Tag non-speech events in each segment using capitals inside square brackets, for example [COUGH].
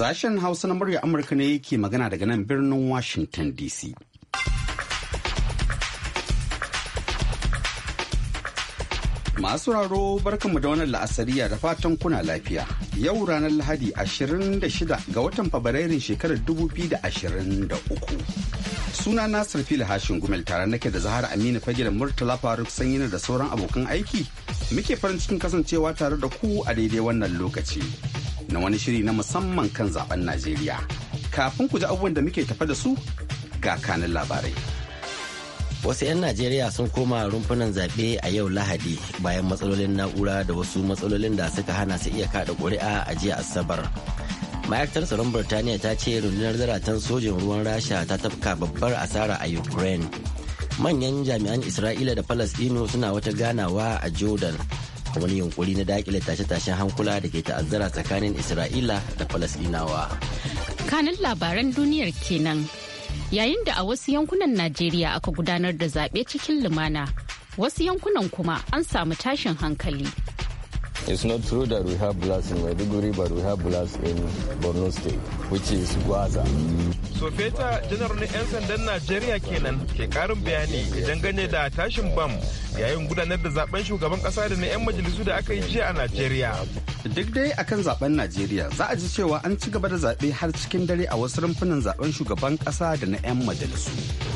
Sashen Hausa na murya Amurka ne yake magana daga nan birnin Washington DC. Masu raro barkanmu da wannan la'asariya da fatan kuna lafiya. Yau ranar Lahadi 26 ga watan Fabrairun shekarar 2023. Suna Nasir Fili Hashin Gumel tare nake da Zahara Aminu fage da Murtala Faruk Sanyina da sauran abokan aiki muke farin cikin kasancewa tare da ku a daidai wannan lokaci. na wani shiri na musamman kan zaben Najeriya. Kafin ku ji abubuwan da muke tafa da su ga kanin labarai. Wasu 'yan Najeriya sun koma rumfunan zaɓe a yau Lahadi bayan matsalolin na'ura da wasu matsalolin da suka hana su iya kaɗa ƙuri'a a jiya Asabar. ma'aikatar tsaron birtaniya ta ce rundunar zaratan sojin ruwan rasha ta tafka babbar asara a ukraine manyan jami'an isra'ila da falastinu suna wata ganawa a jordan a wani yunkuri na dakile tashe-tashen hankula da ke ta'azzara tsakanin isra'ila da falasdinawa kanin labaran duniyar kenan yayin da a wasu yankunan najeriya aka gudanar da zaɓe cikin lumana wasu yankunan kuma an samu tashin hankali It's not true that we have blast in Maiduguri, but we have blast in Borno State, which is Gwaza. So feta General 'yan sandan Najeriya kenan ke karin bayani idan gane da tashin bam yayin gudanar da zaben shugaban kasa da na 'yan majalisu da aka yi jiya a Najeriya. Duk dai akan zaben Najeriya za a ji cewa an ci gaba da zaɓe har cikin dare a wasu rumfunan zaben shugaban ƙasa da na 'yan majalisu.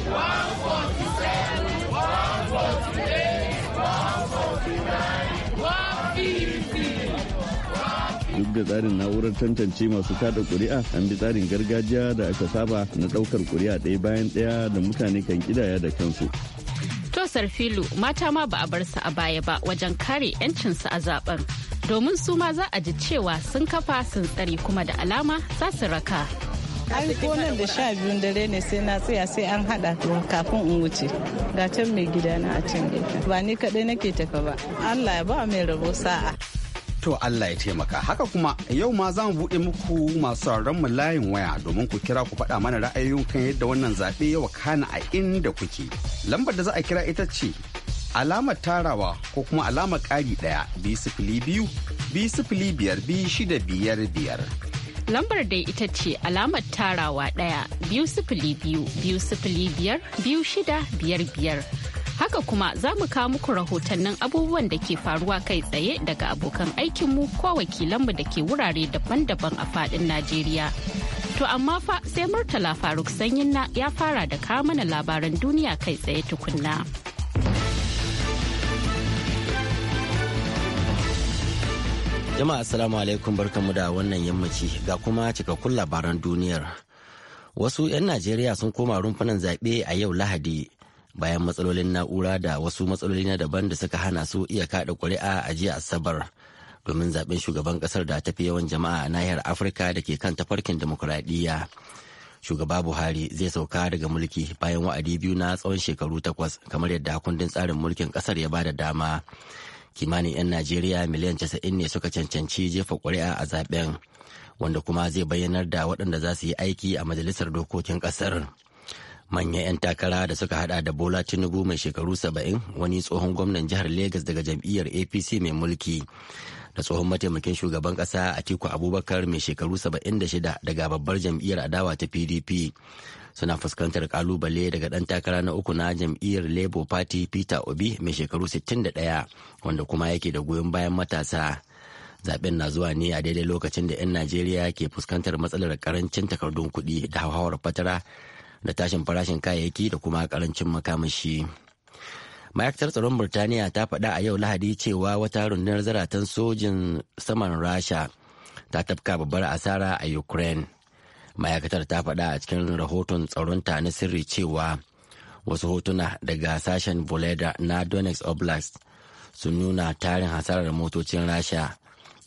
One two seven, one two eight, one two nine" duk da tsarin na'urar tantance masu kada kuri'a an bi tsarin gargajiya da aka saba na daukar kuri'a ɗaya bayan ɗaya da mutane kan kidaya da kansu tosar filu mata ma ba a bar su a baya ba wajen kare 'yancinsu a zaben domin su ma za a ji cewa sun kafa sun tsare kuma da alama za su raka an ko nan da sha biyun dare ne sai na tsaya sai an hada kafin in wuce ga can mai gidana a can gefe ba ni kadai nake tafa ba allah ya ba mai rabo sa'a To Allah ya taimaka. Haka kuma yau ma za mu buɗe muku masu mu layin waya domin ku kira ku faɗa mana ra'ayoyin kan yadda wannan zaɓe ya wakana a inda kuke. Lambar da za a kira ita ce alamar tarawa ko kuma alamar ƙari ɗaya biyu sifili biyu biyu sifili biyar biyu shida biyar biyar. Lambar dai ita ce alamar tarawa ɗaya biyu sifili biyu biyu sifili biyar biyu shida biyar biyar. Haka kuma za mu kawo muku rahotannin abubuwan da ke faruwa kai tsaye daga abokan aikinmu ko wakilanmu da ke wurare daban-daban a fadin Najeriya. To amma fa sai Murtala Faruk Sanyinna ya fara da kawo mana labaran duniya kai tsaye tukunna. Jama'a Assalamu alaikum barkanmu da wannan yammaci ga kuma cikakkun labaran duniyar. Wasu 'yan Najeriya sun koma rumfunan zaɓe a yau Lahadi bayan matsalolin na'ura da wasu matsaloli na daban da suka hana su iya kaɗa ƙuri'a a jiya asabar domin zaɓen shugaban ƙasar da tafi yawan jama'a a nahiyar afirka da ke kan tafarkin demokuraɗiyya shugaba buhari zai sauka daga mulki bayan wa'adi biyu na tsawon shekaru takwas kamar yadda kundin tsarin mulkin ƙasar ya bada dama kimanin 'yan najeriya miliyan casa'in ne suka cancanci jefa ƙuri'a a zaɓen, wanda kuma zai bayyanar da waɗanda za su yi aiki a majalisar dokokin ƙasar manyan 'yan takara da suka hada da bola tinubu mai shekaru 70 wani tsohon gwamnan jihar Legas daga jam'iyyar apc mai mulki da tsohon mataimakin shugaban kasa atiku abubakar mai shekaru 76 daga babbar jam'iyyar adawa ta pdp suna fuskantar kalubale daga ɗan takara na uku na jam'iyyar labour party peter obi mai shekaru 61 wanda kuma yake da goyon bayan matasa zaben na zuwa ne a daidai lokacin da 'yan najeriya ke fuskantar matsalar karancin takardun kuɗi da hauhawar fatara da tashin farashin kayayyaki da kuma karancin makamashi. ma'aikatar tsaron burtaniya ta faɗa a yau lahadi cewa wata rundunar zaratan sojin saman rasha ta tafka babbar asara a ukraine ma'aikatar ta faɗa a cikin rahoton tsaronta na sirri cewa wasu hotuna daga sashen voleda na donetsk oblast sun nuna tarin hasarar motocin rasha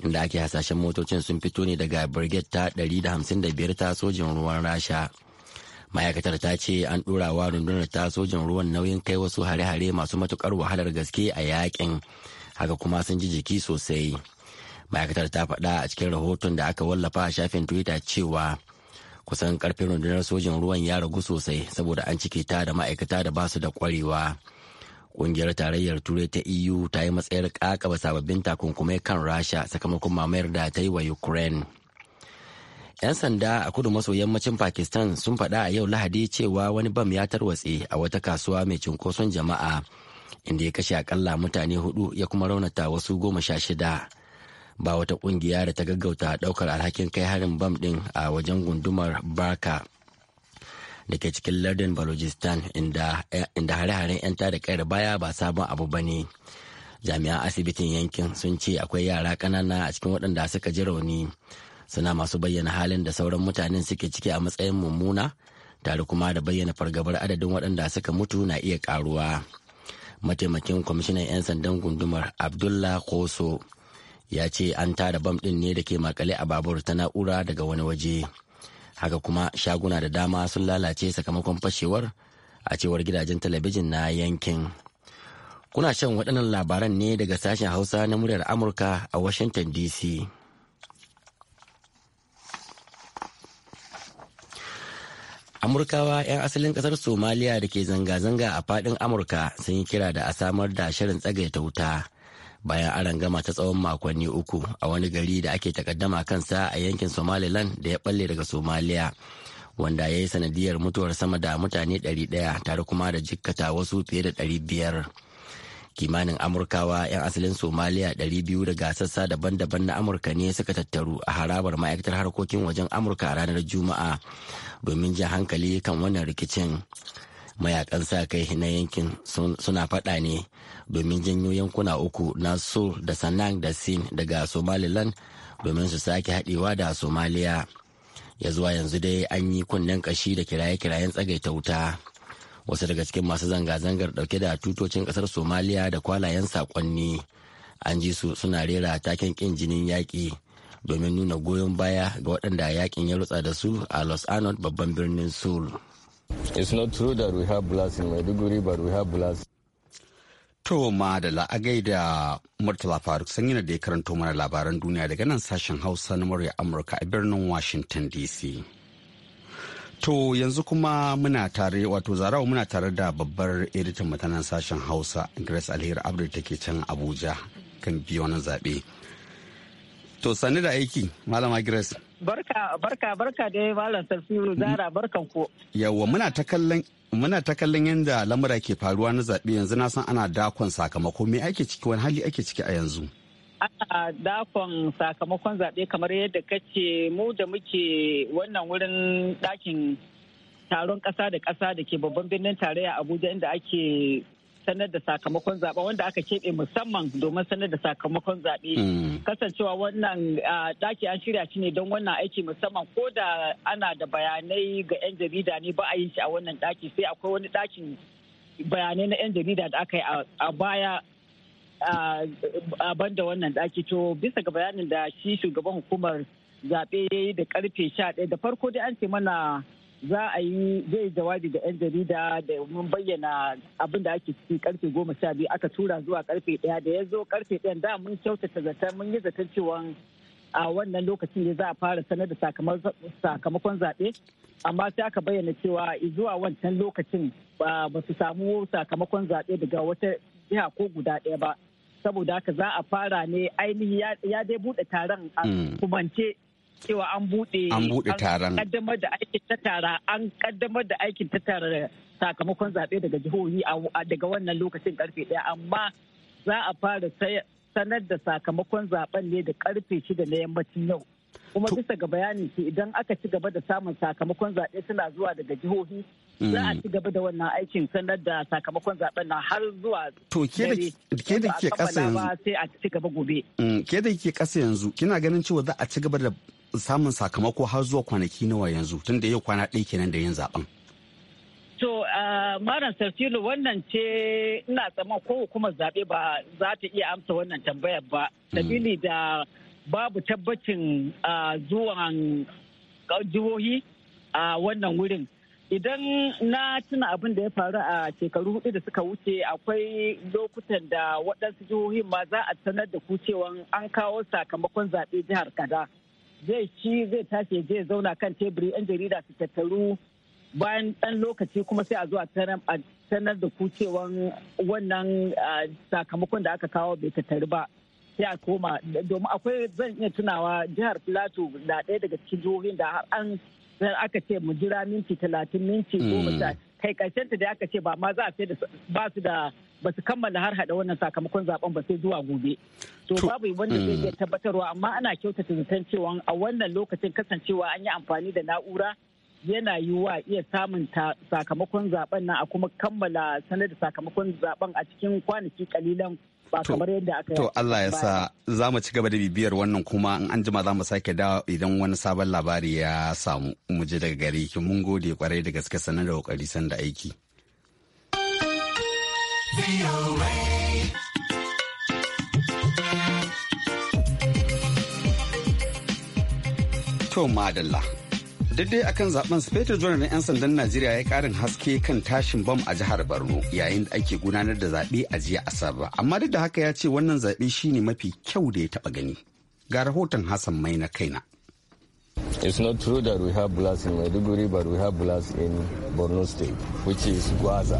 inda ake hasashen motocin sun fito ne daga birgit ta 155 ta sojin ruwan rasha. ma'aikatar ta ce an ɗora wa rundunar ta sojan ruwan nauyin kai wasu hare-hare masu matukar wahalar gaske a yakin haka kuma sun ji jiki sosai ma'aikatar ta faɗa a cikin rahoton da aka wallafa a shafin twitter cewa kusan karfin rundunar sojin ruwan ya ragu sosai saboda an cike ta da ma'aikata da basu da kwarewa kungiyar tarayyar turai ta eu ta yi matsayar kakaba sababbin takunkumai kan rasha sakamakon mamayar da ta yi wa ukraine 'Yan sanda a kudu maso yammacin Pakistan sun faɗa a yau Lahadi cewa wani bam ya tarwatse a wata kasuwa mai cunkoson jama'a inda ya kashe akalla mutane hudu ya kuma raunata wasu goma sha shida. Ba wata kungiya da ta gaggauta daukar alhakin kai harin bam din a wajen gundumar Barka da ke cikin lardin Balojistan inda hare-haren 'yan tada kayar baya ba sabon abu ba ne. Jami'an asibitin yankin sun ce akwai yara ƙanana a cikin waɗanda suka ji rauni. suna masu bayyana halin da sauran mutanen suke ciki a matsayin mummuna tare kuma da bayyana fargabar adadin waɗanda suka mutu na iya karuwa mataimakin kwamishinan 'yan sandan gundumar abdullah koso ya ce an tara bam ɗin ne da ke makale a babur ta na'ura daga wani waje haka kuma shaguna da dama sun lalace sakamakon fashewar a cewar gidajen talabijin na yankin kuna shan waɗannan labaran ne daga sashen hausa na muryar amurka a washington dc amurkawa 'yan asalin kasar somaliya da ke zanga-zanga a fadin amurka sun yi kira da a samar da shirin tsagaita wuta bayan an gama ta tsawon makonni uku a wani gari da ake takaddama kansa a yankin somaliland da ya balle daga somaliya wanda ya yi sanadiyar mutuwar sama da mutane 100 tare kuma da jikkata wasu fiye da 500 kimanin amurkawa 'yan asalin somaliya 200 daga sassa daban-daban na amurka ne suka tattaru a harabar ma'aikatar harkokin wajen amurka a ranar juma'a domin jan hankali kan wannan rikicin mayakan sa kai na yankin suna faɗa ne domin janyo yankuna uku na sur da sannan da sin daga somaliland domin su sake haɗewa da somaliya ya zuwa yanzu dai an yi kunnen kashi da kiraye-kirayen tsagaita wuta wasu daga cikin masu zanga-zangar dauke da tutocin kasar somaliya da kwalayen sakonni an ji su suna rera taken kin jinin yaƙi domin nuna goyon baya ga waɗanda yaƙin ya rutsa da su a los anod babban birnin sul. It's da la'agai da Murtala Faruk sun da ya karanto mana labaran duniya daga nan sashen Hausa na murya Amurka a birnin Washington DC. To yanzu kuma muna tare wato zarawa muna tare da babbar editan matanan sashen Hausa Grace Alheri da take can Abuja kan biyo wani zaɓe. To sani da aiki Malama Grace. Barka barka barka da Malam Sarfiru Zara barkan ko. Yawwa muna ta kallon muna ta kallon yadda lamura ke faruwa na zaɓe yanzu na san ana dakon sakamako me ake ciki wani hali ake ciki a yanzu. ana dakon sakamakon zaɓe kamar yadda kace mu da muke wannan wurin ɗakin taron ƙasa da ƙasa da ke babban birnin tarayya abuja inda ake sanar da sakamakon zaɓe wanda aka keɓe musamman domin sanar da sakamakon zaɓe mm. kasancewa wannan ɗaki an shirya shi ne don wannan aiki musamman ko da ana da bayanai ga 'yan jarida ne ba a yi shi a wannan ɗaki sai akwai wani ɗakin bayanai na 'yan jarida da aka yi a baya a banda wannan daki to bisa ga bayanin da shi shugaban hukumar zaɓe ya yi da karfe sha da farko dai an ce mana za a yi zai jawabi da 'yan jarida da mun bayyana abin da ake ciki karfe goma sha biyu aka tura zuwa karfe ɗaya da ya zo karfe ɗaya da mun kyautata zaton mun yi zaton cewa a wannan lokacin ne za a fara sanar da sakamakon zaɓe amma sai aka bayyana cewa zuwa wancan lokacin ba su samu sakamakon zaɓe daga wata jiha ko guda ɗaya ba saboda haka za a fara ne ainihi ya dai bude taron a hmm. kumance cewa an bude an bude taron kaddamar da aikin ta tara an kaddamar da aikin ta tara sakamakon zaɓe daga jihohi daga wannan lokacin karfe daya amma za a fara sanar da sakamakon zaben ne da karfe shida na yammacin yau kuma bisa ga bayani ce idan aka ci gaba da samun sakamakon zaɓe suna zuwa daga jihohi za a mm. ci gaba da wannan aikin sanar da sakamakon zaɓen na har zuwa to ke da ke ƙasa yanzu sai a ci gaba gobe mm, ke da ke ƙasa yanzu kina ganin cewa za a ci gaba da samun sakamako har zuwa kwanaki nawa yanzu tun da yau kwana ɗaya kenan da yin zaɓen To, Maran Sartilu wannan ce ina tsamman ko kuma zaɓe ba za ta iya amsa wannan tambayar ba. Mm. Sabili da babu tabbacin zuwan jihohi a wannan wurin idan na tuna abin da ya faru a shekaru hudu da suka wuce akwai lokutan da waɗansu jihohi ma za a sanar da kucewan an kawo sakamakon zaɓe jihar kada zai ci zai tashi zai zauna kan teburi yan jarida su tattaru bayan ɗan lokaci kuma sai a zo a sanar da ku cewa wannan sakamakon da aka kawo bai tattaru ba sai a koma domin akwai zan iya tunawa jihar plateau na ɗaya daga cikin jihohin da har an aka ce mu jira minti talatin minti hmm. goma sha kai ta da aka ce ba ma za a sai da ba su da ba su kammala har hada wannan sakamakon zaben ba sai zuwa gobe to babu wanda zai hmm. iya tabbatarwa amma ana kyautata zaton cewa a wannan lokacin kasancewa an yi amfani da na'ura yana yiwuwa iya samun sakamakon zaben nan a kuma kammala sanar da sakamakon zaben a cikin kwanaki kalilan ba kamar yadda aka to Allah ya sa za mu ci gaba da bibiyar wannan kuma in an jima za mu sake da idan wani sabon labari ya samu mu je daga gare ki mun gode kwarai da gaske sanar da kokari sanda aiki To madalla daidai akan zaben Sufeto Janar na 'yan sandan Najeriya ya karin haske kan tashin bom a jihar Borno yayin da ake gudanar da zaɓe a jiya Asabar. Amma duk da haka ya ce wannan zaɓe shine mafi kyau da ya taɓa gani. Ga rahoton Hassan Mai na kaina. It's not true that we have blast in Maiduguri, but we have blast in Borno State, which is Gwaza.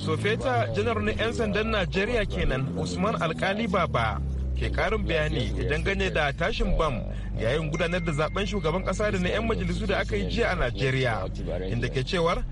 Sofeta janar na 'yan sandan Najeriya kenan Usman Alkali Baba ke karin bayani dangane da tashin bam yayin gudanar da zaben shugaban kasa da na 'yan majalisu da aka yi jiya a najeriya inda ke cewar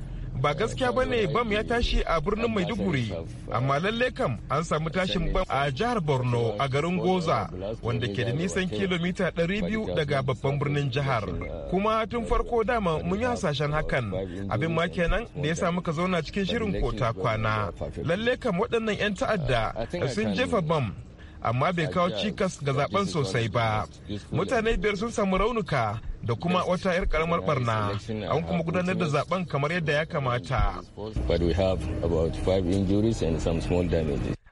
ba gaskiya ba ne bam ya tashi a birnin maiduguri amma lalle kam an samu tashin bam a jihar borno a garin goza wanda ke da nisan kilomita 200 daga babban birnin jihar kuma tun farko dama mun yi hasashen hakan abin ma kenan da ya sa muka zauna cikin shirin kota kwana lalle kam waɗannan 'yan ta'adda sun jefa bam amma bai kawo cikas ga zaben sosai ba mutane biyar sun samu raunuka da kuma wata 'yar karamar barna uh, an kuma gudanar da zaben kamar yadda ya kamata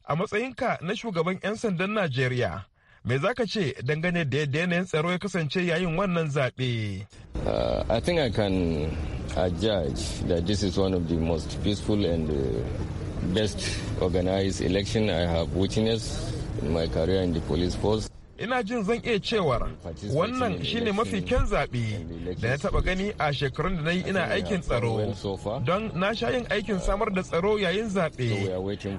a matsayinka na shugaban 'yan sandan najeriya mai za ka ce dangane da yadda yanayin tsaro ya kasance yayin wannan zaɓe uh, i think i can judge that this is one of the most peaceful and uh, best organized election i have witnessed in my career in the police force. ina jin zan iya cewar wannan shine mafi kyan zaɓe da na taɓa gani a shekarun da na yi ina aikin tsaro don na sha yin aikin samar da tsaro yayin zaɓe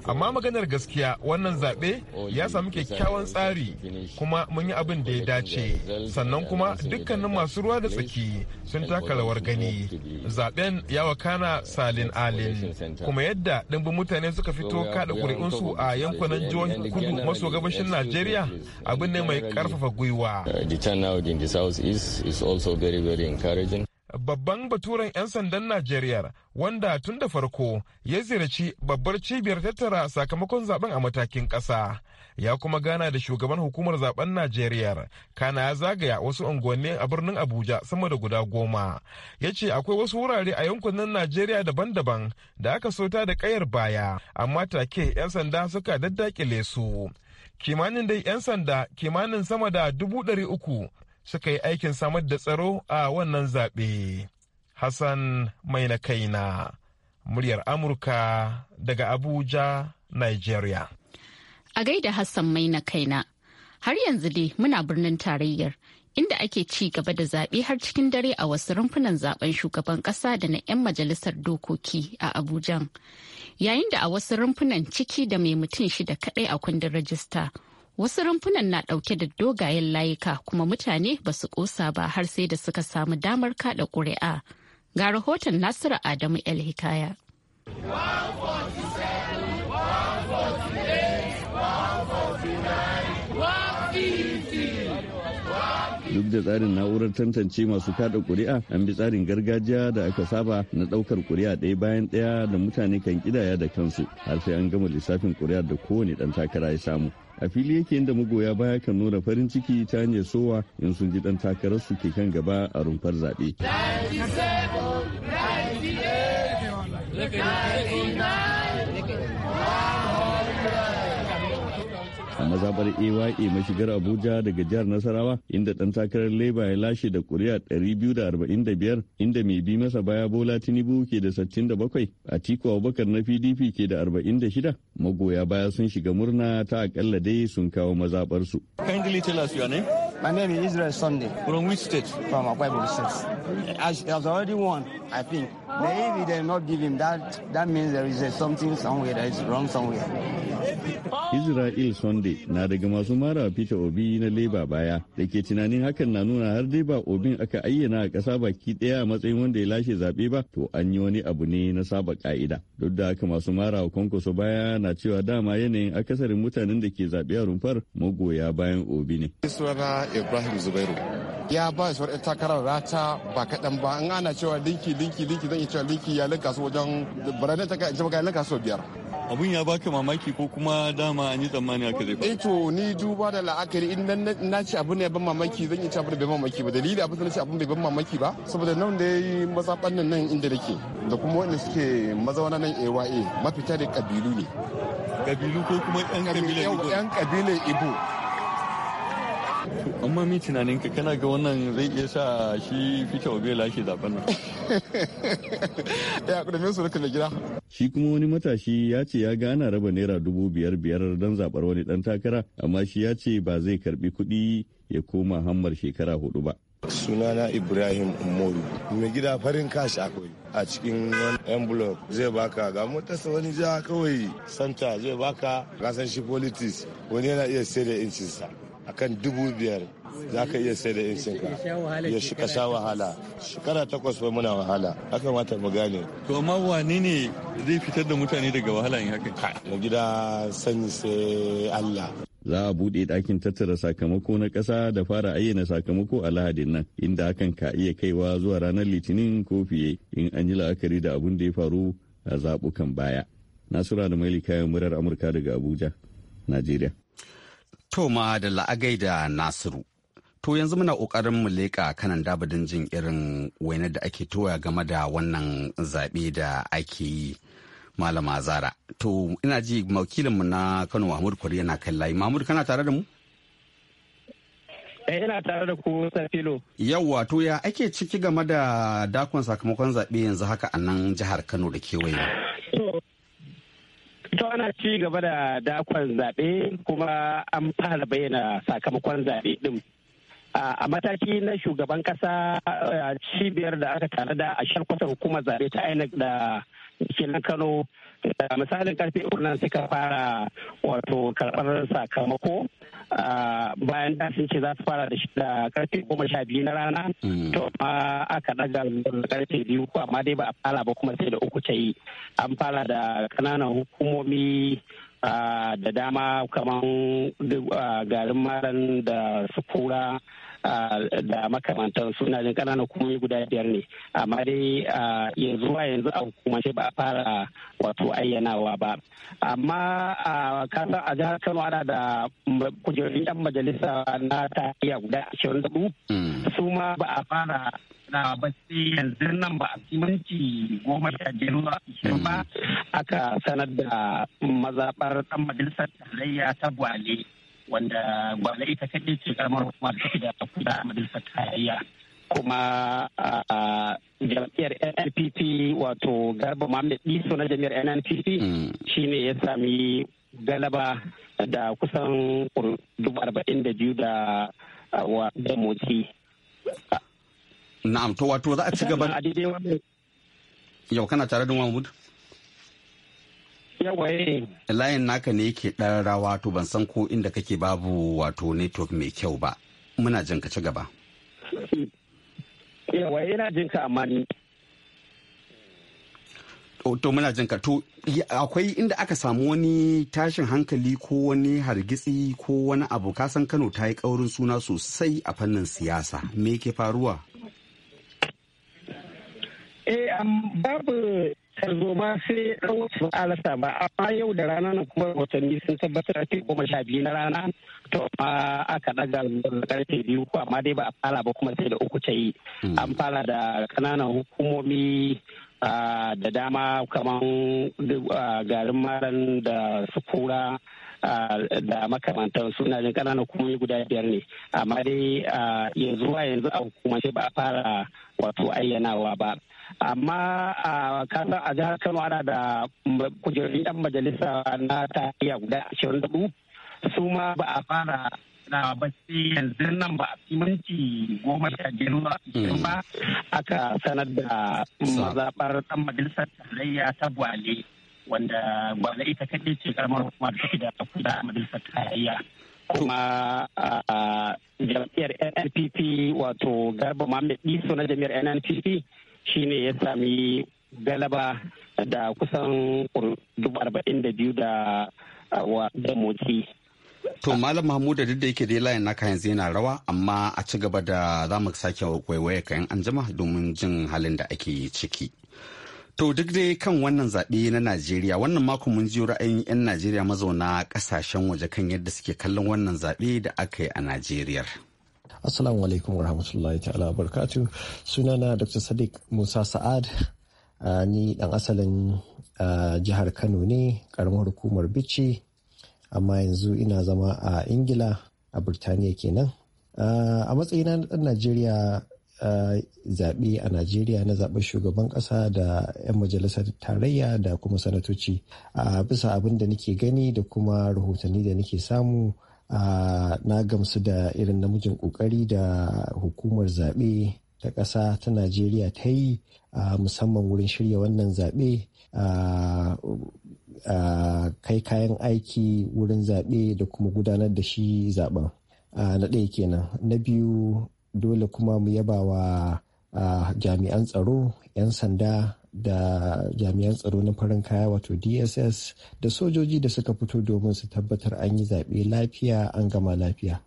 amma maganar gaskiya wannan zaɓe ya samu kyakkyawan tsari kuma mun yi abin da ya dace sannan kuma dukkanin masu ruwa da tsaki sun taka rawar gani zaɓen ya wakana salin alin kuma yadda ɗimbin mutane suka fito kaɗa ƙuri'unsu a yankunan jihohin kudu maso gabashin najeriya abin ne mai karfafa gwiwa. Uh, the turn out in south is also very Babban baturen 'yan sandan Najeriya wanda tun da farko ya ziyarci babbar cibiyar tattara sakamakon zaben a matakin ƙasa. Ya kuma gana da shugaban hukumar zaben Najeriya kana ya zagaya wasu unguwanni a birnin Abuja sama da guda goma. Ya ce akwai wasu wurare a yankunan Najeriya daban-daban da aka sota da kayar baya, amma take 'yan sanda suka daddakile su. kimanin dai 'yan sanda kimanin sama da dubu ɗari uku suka yi aikin samar da tsaro a wannan zaɓe. Hassan mai na kaina muryar Amurka daga Abuja, Nigeria. A gaida Hassan mai na kaina, har yanzu dai muna birnin tarayyar inda ake ci gaba da zaɓe har cikin dare a wasu rumfunan zaben shugaban ƙasa da na 'yan majalisar dokoki a Abuja. yayin da a wasu rumfunan ciki da mai mutum shida kadai a kundin rajista. Wasu rumfunan na ɗauke da dogayen layuka kuma mutane ba su ƙosa ba har sai da suka samu damar kada ƙuri'a. Ga rahoton Nasiru Adamu El Hikaya. duk da tsarin na'urar tantance masu kada kuri'a an bi tsarin gargajiya da aka saba na daukar kuri'a ɗaya bayan ɗaya da mutane kan kidaya da kansu har sai an gama lissafin kuri'a da kowane dan takara ya samu a fili yake inda magoya baya kan nuna farin ciki ta hanyar sowa in sun ji dan takarar su ke kan gaba a rumfar zaɓe. a mazabar AYA mashigar Abuja daga jihar Nasarawa inda ɗan takarar leba ya lashe da kuri'a 245 inda mai bi masa baya Bola Tinubu ke da 67 Atiku Abubakar na PDP ke da 46 magoya baya sun shiga murna ta akalla dai sun kawo mazabarsu. Kindly tell us your My name is Israel Sunday. From which state? From Akwa State. As he has already won, I think. Maybe they're not give him that. That means there is a something somewhere that is wrong somewhere. Israel Sunday na daga masu mara Peter Obi na leba baya da ke tunanin hakan na nuna har dai ba Obin aka ayyana a ƙasa baki ɗaya a matsayin wanda ya lashe zaɓe ba to an yi wani abu ne na saba ƙa'ida. Duk da haka masu mara wa kwankwaso baya na cewa dama yanayin akasarin mutanen da ke zaɓe a rumfar magoya bayan Obi ne. ibrahim zubairu ya ba shi wani takarar rata ba kaɗan ba an ana cewa linki linki linki zan iya cewa linki ya linka su wajen baranin ta ce maka ya linka su biyar abun ya baka mamaki ko kuma dama an yi tsammani haka zai ba eto eh ni duba da la'akari in na ce abun ya ban mamaki zan iya cewa abun bai ban mamaki ba dalili abin da na ce abun bai ban mamaki ba saboda nan da yayi mazaban nan nan inda nake da kuma wanda suke mazauna nan AYA mafita da kabilu ne kabilu ko kuma yan yan kabilan Ibo amma min tunanin ka kana ga wannan zai iya sa shi Peter Obi lashe zaben nan [LAUGHS] ya kudumin su da gida shi kuma wani matashi ya ce ya ga ana raba naira dubu biyar biyar don zabar wani dan takara amma shi ya ce ba zai karbi kuɗi ya koma hammar shekara hudu ba sunana ibrahim umaru mai gida farin kashi akwai a cikin wani envelope zai baka ga motarsa wani ja kawai santa zai baka kasan shi politics wani yana iya sai da incinsa akan dubu biyar za ka iya sai da insinka ya shi wahala shekara takwas ba muna wahala haka mata mu gane to amma wani ne zai fitar da mutane daga wahala in haka mu gida sanyi sai Allah za a buɗe dakin tattara sakamako na kasa da fara ayyana sakamako a lahadin nan inda hakan ka iya kaiwa zuwa ranar litinin ko fiye in an yi la'akari da abun da ya faru a zaɓukan baya nasura da mai kayan murar amurka daga abuja najeriya Toma da la'agai da Nasiru. To yanzu muna ƙoƙarin mu leƙa kanan dabadin jin irin wainar da ake toya game da wannan zaɓe da ake yi Malama Zara. To ina ji mawakilinmu na Kano Mahmud Kwari yana kan layi. Mahmud kana tare da mu? Eh ina tare da ku Safilo. Yawwa to ya ake ciki game da dakon sakamakon zaɓe yanzu haka a nan jihar Kano da kewaye. To ana ci gaba da dakon zaɓe kuma an fara bayyana sakamakon zaɓe ɗin. A mataki na shugaban ƙasa cibiyar da aka tare da a sharkwata hukumar zaɓe ta INEC da na kano a misalin karfe uku nan suka fara wato karɓar sakamako ah, bayan da sun ce za su fara da shi da karfe goma sha biyu na rana mm. to ma aka daga karfe biyu ko amma dai ba a fara ba kuma sai da uku ta yi an fara da ƙananan hukumomi ah, da dama kamar ah, garin maran da sukura. da makamantan suna jin ƙananan kuma guda biyar ne amma dai yanzu a yanzu a hukumance ba a fara wato ayyanawa ba amma kasan a jihar kano ana da kujerun yan majalisa na tarayya guda ashirin da mm. su ma ba a fara na ba sai yanzu nan ba a simanci goma sha biyu ba ashirin ba mm. aka sanar da mazaɓar ɗan majalisar tarayya ta gwale wanda gwale ita kaɗai ce karamar hukuma da take da kuma a majalisar tarayya kuma a jam'iyyar nnpp wato garba muhammad iso na jam'iyyar nnpp hmm. shine ya sami galaba da kusan dubu arba'in da biyu da motsi na'am to wato za a ci gaba yau kana tare da mahmud Eh. layin naka ne yake ɗan rawa to ban san ko inda kake babu wato network mai kyau ba muna jin ka ci gaba yawaye yana jin ka amma ni to muna jin ka to akwai inda aka samu wani tashin hankali ko wani hargitsi ko wani abu kasan kano ta yi kaurin suna sosai a fannin siyasa me ke faruwa eh babu ba sai ɗan wasu alasa ba amma yau da rana nan kuma watanni sun tabbatar ake goma sha biyu na rana to amma aka ɗaga karfe biyu ko amma dai ba a fara ba kuma sai da uku ta yi hmm. an fara da ƙananan hukumomi da dama kamar garin maran da sukura da makamantar suna jin ƙananan hukumomi guda biyar ne amma dai yanzu yanzu a hukumance ba a fara wato ayyanawa ba amma a kasar a jihar kano ana da kujerun yan majalisa na tarayya guda ashirin da su ma ba a fara na bacci yanzu nan ba a minti goma sha biyu ba aka sanar da mazaɓar ɗan majalisar tarayya ta gwale wanda gwale ita kaɗai ce karamar hukumar shida ta kuda majalisar tarayya kuma jam'iyyar nnpp wato garba mamadi iso na jam'iyyar nnpp shine ya sami galaba da kusan arba'in da biyu uh, da motsi To Malam Mahmuda duk da yake dai layin naka yanzu yana rawa amma a ci gaba da za mu sake waiwaye kayan anjima domin jin halin da ake ciki. To duk dai kan wannan zaɓe na Najeriya wannan mako mun ji ra'ayin 'yan Najeriya mazauna ƙasashen waje kan yadda suke kallon wannan zaɓe da aka yi a Najeriya. Assalamu alaikum wa rahmatullahi ta'ala barkatu. Sunana Dr. Sadiq Musa Sa'ad. Ah, ni dan asalin ah, jihar Kano ne, karamar hukumar Bichi. Amma yanzu ina zama a Ingila a Birtaniya kenan. Ah, a matsayina na ɗan Najeriya zaɓe a Najeriya na zaɓen shugaban ƙasa da 'yan majalisar tarayya da kuma sanatoci. Bisa abin da nake gani da kuma rahotanni da nake samu na gamsu da irin namijin kokari da hukumar zaɓe ta ƙasa ta najeriya ta yi musamman wurin shirya wannan zaɓe kai kayan aiki wurin zaɓe da kuma gudanar da shi zaɓen na ɗaya kenan na biyu dole kuma mu yabawa wa jami'an tsaro 'yan sanda da jami'an tsaro na farin kaya wato dss da sojoji da suka fito domin su tabbatar an yi zaɓe lafiya an gama lafiya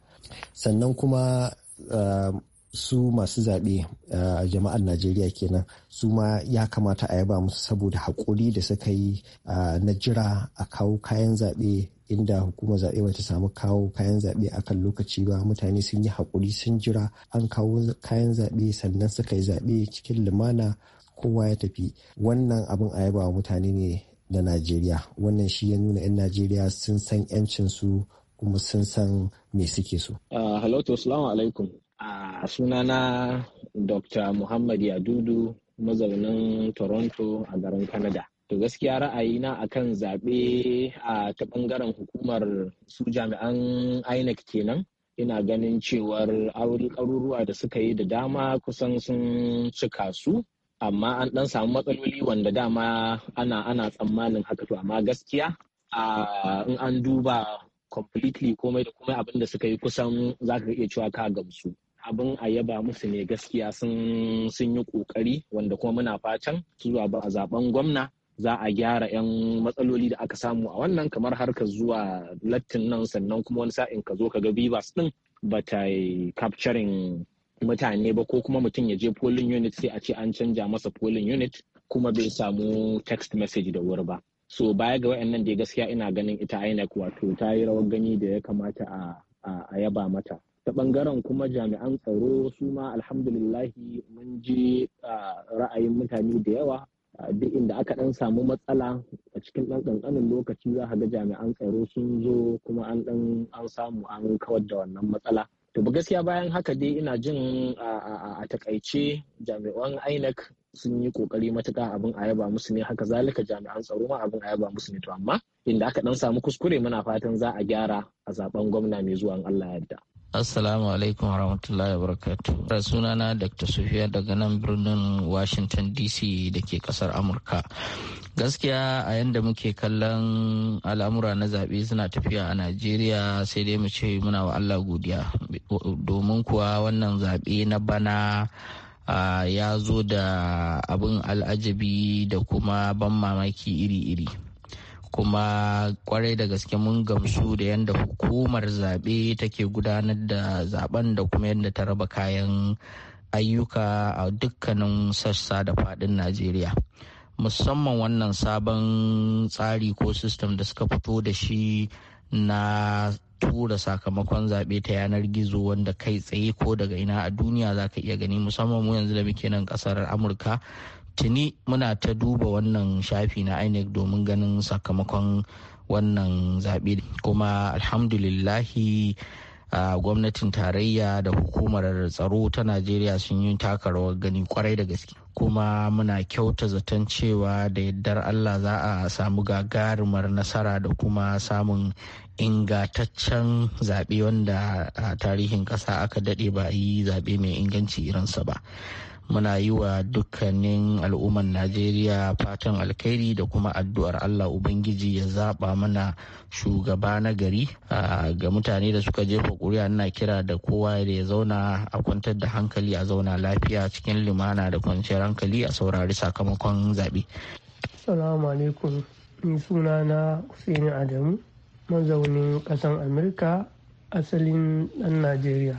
sannan kuma eh, su masu zaɓe a eh, jama'ar najeriya kenan su ma ya kamata a yaba musu saboda haƙuri da suka yi eh, na jira a kawo kayan zaɓe inda hukumar zaɓe ta samu kawo kayan zaɓe a kan lokaci ba mutane sun yi haƙuri sun jira an kawo kayan zaɓe sannan suka yi zaɓe cikin lumana kowa ya tafi wannan abin a yaba wa mutane ne na najeriya wannan shi ya nuna 'yan najeriya sun san su kuma sun san me suke so. halautu ah, salamu alaikum a ah, sunana dr muhammad yadudu mazaunin toronto a garin canada to gaskiya ra'ayina akan zaɓe a ta ɓangaren hukumar su jami'an inec kenan ina ganin cewar aure ƙaruruwa da suka yi da dama kusan sun cika su amma an dan samu matsaloli wanda dama ana ana tsammanin haka to amma gaskiya in an duba completely komai da komai abin da suka yi kusan za ka iya cewa ka gamsu abin a yaba musu ne gaskiya sun yi kokari wanda kuma muna fatan zuwa ba a zaben gwamna za a gyara 'yan matsaloli da aka samu a wannan kamar harka zuwa lattin nan sannan kuma wani sa'in ka zo ka ga bivas din ba ta capturing mutane ba ko kuma mutum ya je polling unit sai a ce an canja masa polling unit kuma bai samu text message da wuri ba so baya ga wayannan da gaskiya ina ganin ita INEC wato ta yi rawar gani da ya kamata a yaba mata ta bangaren kuma jami'an tsaro su ma alhamdulillahi mun ji ra'ayin mutane da yawa duk inda aka ɗan samu matsala a cikin ɗan kankanin lokaci za ga jami'an tsaro sun zo kuma an dan an samu an kawar da wannan matsala to ba gaskiya bayan haka dai ina jin a takaice jami'an inec sun yi kokari matuka abin a yaba musu ne haka zalika jami'an tsaro ma abin a yaba musu ne to amma inda aka dan samu kuskure muna fatan za a gyara a zaben gwamna mai zuwa Allah ya yarda Assalamu alaikum warahmatullahi wabarakatuh. Sunana Dr. Sufiya daga nan birnin Washington DC da ke kasar Amurka. Gaskiya a yadda muke kallon al'amura na zaɓe suna tafiya a Najeriya sai dai mu ce muna wa Allah godiya. Domin kuwa wannan zaɓe na bana ya zo da abin al'ajabi da kuma ban mamaki iri-iri. kuma kwarai da gaske mun gamsu da yadda hukumar zabe take gudanar da zaben da kuma yadda ta raba kayan ayyuka a dukkanin sassa da faɗin najeriya musamman wannan sabon tsari ko system da suka fito da shi na tura sakamakon zaɓe ta yanar gizo wanda kai tsaye ko daga ina a duniya za ka iya gani musamman mu yanzu da muke nan ƙasar amurka tuni muna ta duba wannan shafi na inec domin ganin sakamakon wannan zaɓe kuma alhamdulillahi a gwamnatin tarayya da hukumar tsaro ta najeriya sun yi taka rawar gani kwarai da gaske kuma muna kyauta zaton cewa da yaddar allah za a samu gagarumar nasara da kuma samun ingantaccen zaɓe wanda a tarihin ƙasa aka daɗe ba a yi zaɓe mai inganci irinsa ba muna yi wa dukkanin al'umman najeriya fatan alkhairi da kuma addu'ar allah ubangiji ya zaba mana shugaba na gari ga mutane da suka jefa kuri'a ina kira da kowa da ya zauna a kwantar da hankali a zauna lafiya cikin limana da kwanciyar hankali a saurari sakamakon zaɓe. salamu alaikum ni suna na husaini Adamu mazaunin ƙasan Amurka asalin ɗan Najeriya.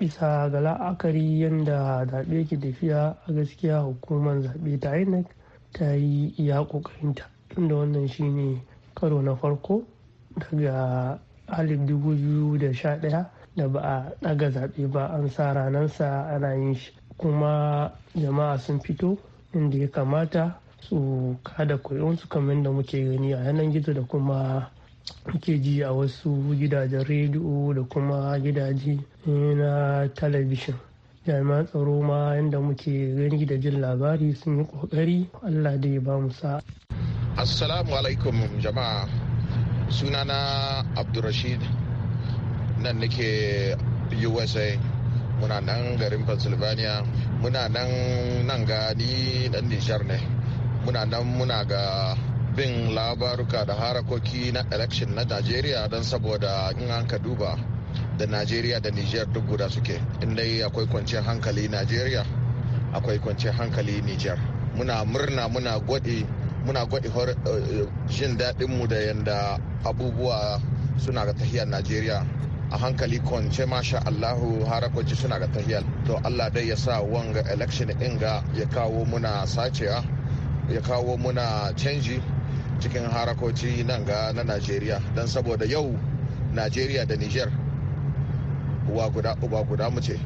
bisa ga la'akari yadda zaɓe ke tafiya a gaskiya hukumar zaɓe ta inec ta yi iya ƙoƙarinta tunda wannan shine karo na farko daga 2011 da sha ba a ɗaga zaɓe ba an sa ranansa ana yin shi kuma jama'a sun fito inda ya kamata su kada kuri'unsu kamar da muke gani a yanar gizo da kuma muke ji a wasu gidajen rediyo da kuma gidaje na talabishin jami'an tsaro ma yadda muke gani da jin labari sun yi kokari allah da ya ba mu sa assalamu alaikum jama'a sunana abdurrashid nan nake usa muna nan garin pennsylvania muna nan nan ga ni dan nijar ne muna nan muna ga bin labaruka da harakoki na election na najeriya don saboda in an ka duba da najeriya da niger duk guda suke inda akwai kwanciyar hankali najeriya akwai kwanciyar hankali niger muna murna muna gwadi muna gwadi eh, jin daɗinmu da yadda abubuwa suna ga tahiyar najeriya a hankali kwance masha Allahu harakoci suna ga tahiyar to Allah dai ya sa wanga election inga ya kawo muna sacewa ya kawo muna canji cikin harakoci nan ga na najeriya don saboda yau najeriya da niger uwa guda uba guda mu ce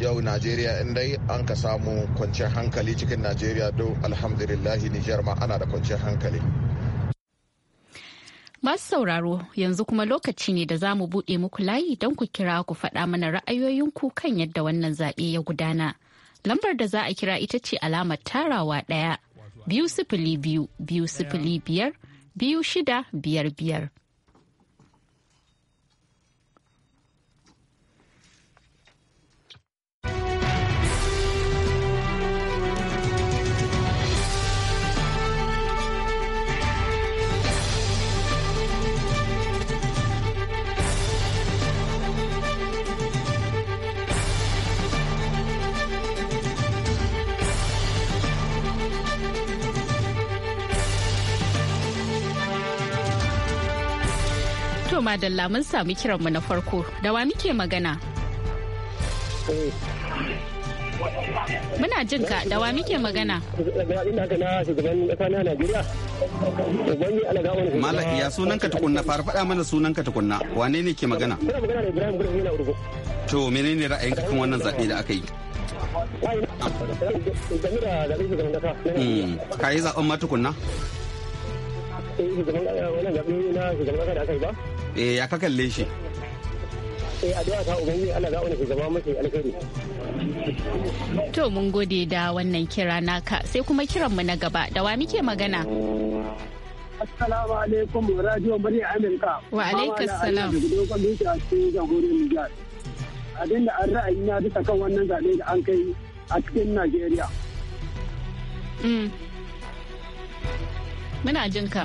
yau najeriya in dai an ka samu kwanciyar hankali cikin najeriya don alhamdulillahi niger ma ana da kwanciyar hankali Masu sauraro yanzu kuma lokaci ne da za mu buɗe muku layi don ku kira ku faɗa mana ra'ayoyinku kan yadda wannan zaɓe ya gudana. Lambar da za a kira ita ce alamar tarawa ɗaya biyu sifili biyu biyu sifili biyar biyu shida biyar biyar. madalla mun sami kiranmu na farko da wa muke magana Muna jin ka da wa muke magana. malaki ya sunan ka tukunna fara faɗa mana sunan ka tukunna wane ne ke magana? To menene ka kan wannan zaɓe da aka yi? Hmm, ka yi zaɓen ma tukunna? Eh, na shugaban da aka yi ba? eh ya ka kalle shi eh addu'a ta ubangiji Allah ga wani zama mafi alheri. to mun gode da wannan kira naka sai kuma kiran mu na gaba da wa muke magana Assalamu alaikum radio bari Amurka. Wa alaikum salam. Abin da an ra'ayi na bisa kan wannan zaɓe da an kai a cikin Najeriya. Mm. Muna jinka. ka.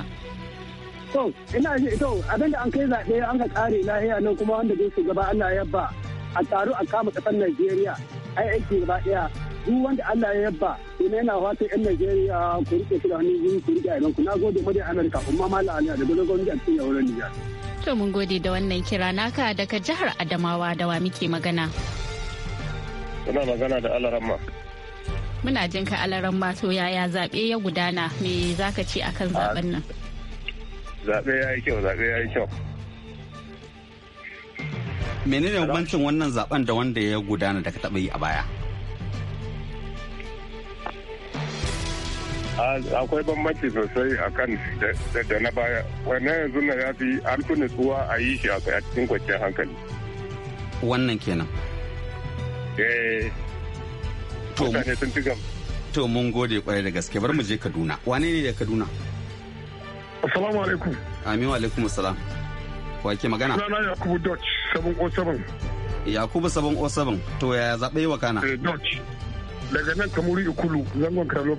To, ina to abin da an kai zaɓe an ka ƙare lahiya nan kuma wanda zai shugaba Allah ya yabba a taru a kama ƙasar Najeriya ai aiki gaba daya duk wanda Allah ya yabba ina yana wato 'yan Najeriya ku riƙe su da hannun yin ku rike a ku na gode muryar Amurka kuma mala aliya daga dogon a cikin yawon Nijar. To mun gode da wannan kira naka daga jihar Adamawa da wa muke magana. Ina magana da Alaramma. Muna jinka ma to yaya zaɓe ya gudana me zaka ce akan zaɓen nan? zaɓe ya yi kyau zaɓe ya yi kyau menene bambancin wannan zaben da wanda ya gudana da ka taɓa yi a baya akwai bambanci sosai a kan da na baya wannan yanzu na ya fi an fi a yi shi a cikin kwanciyar hankali wannan kenan eh mutane sun ci gaba to mun gode kwarai da gaske bar mu je kaduna wane ne da kaduna Assalamu alaikum. Amin wa alaikum assalam. Kwa ke magana? Sunana Yakubu Dutch sabon. Oh Yakubu sabon 707 to ya zaɓe wa kana? Eh Dutch. Daga nan Kamuri Ikulu zangon Kano